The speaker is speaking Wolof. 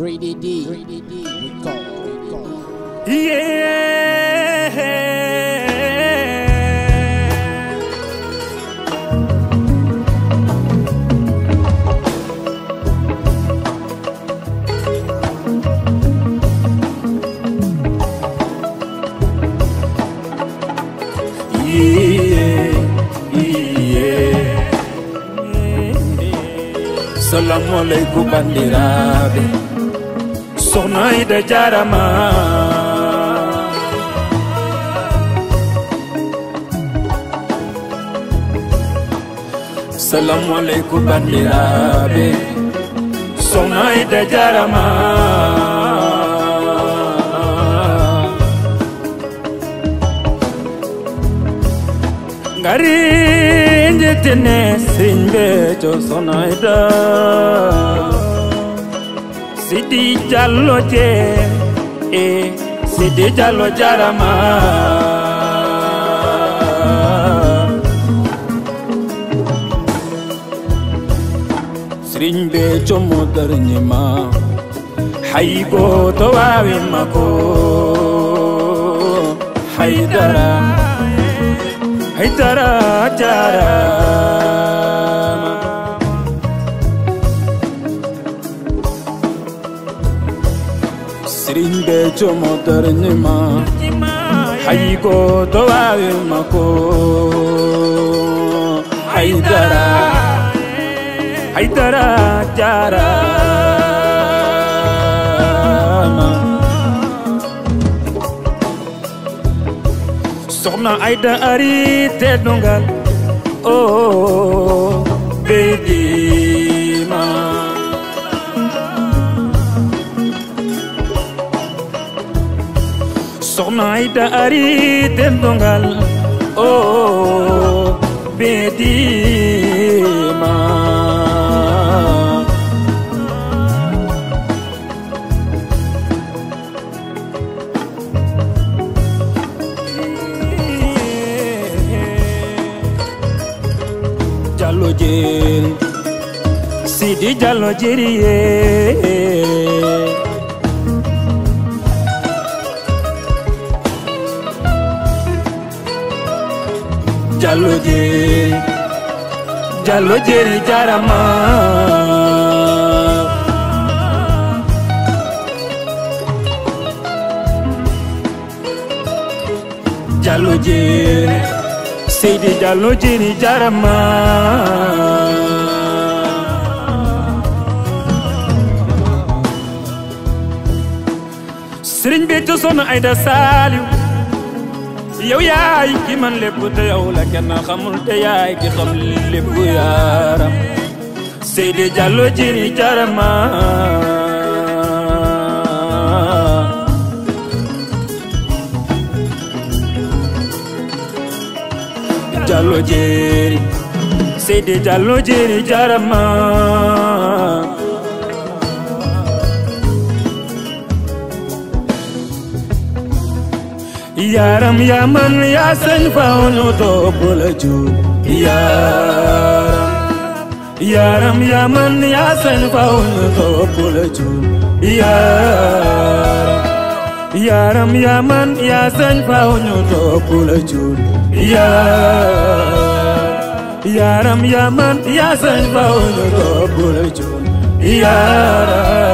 3 D. 3DD. We call. We call. Yeah. salamu aleykum bandiraɓe soxna yi da jaarama salamu aleykum bandiraɓe soxna yi da jaarama ngari njetene señ mbeeco soxna yi da Sidi Jallo je eh Sidi Jallo jarama Sëriñ be jomo darnyema Haybo to wawi mako Haydara Haydara jara sirinde chomo tarinima haiko towa mako haidara haidara jara sohna aida arite te dongal oh. soxna ay daari den dongal o bedima jallo jeri sidi jallo jeri ye jalo je jalo je jarama jallo jere seydi jallo jere jarama Serigne Béthio Sokhna Aïda Saliou yow yaay ki man lepp te yow la kenn xamul te yaay ki xam lepp lépp yaaram Seydi jallo jiri jarama jallo jiri Seydi jallo jiri jarama Yaram ya man ya sañ faaw ñu Yaram Yaram ya man ya sañ faaw ñu Yaram Yaram ya man ya sañ faaw ñu Yaram Yaram ya man ya sañ faaw ñu Yaram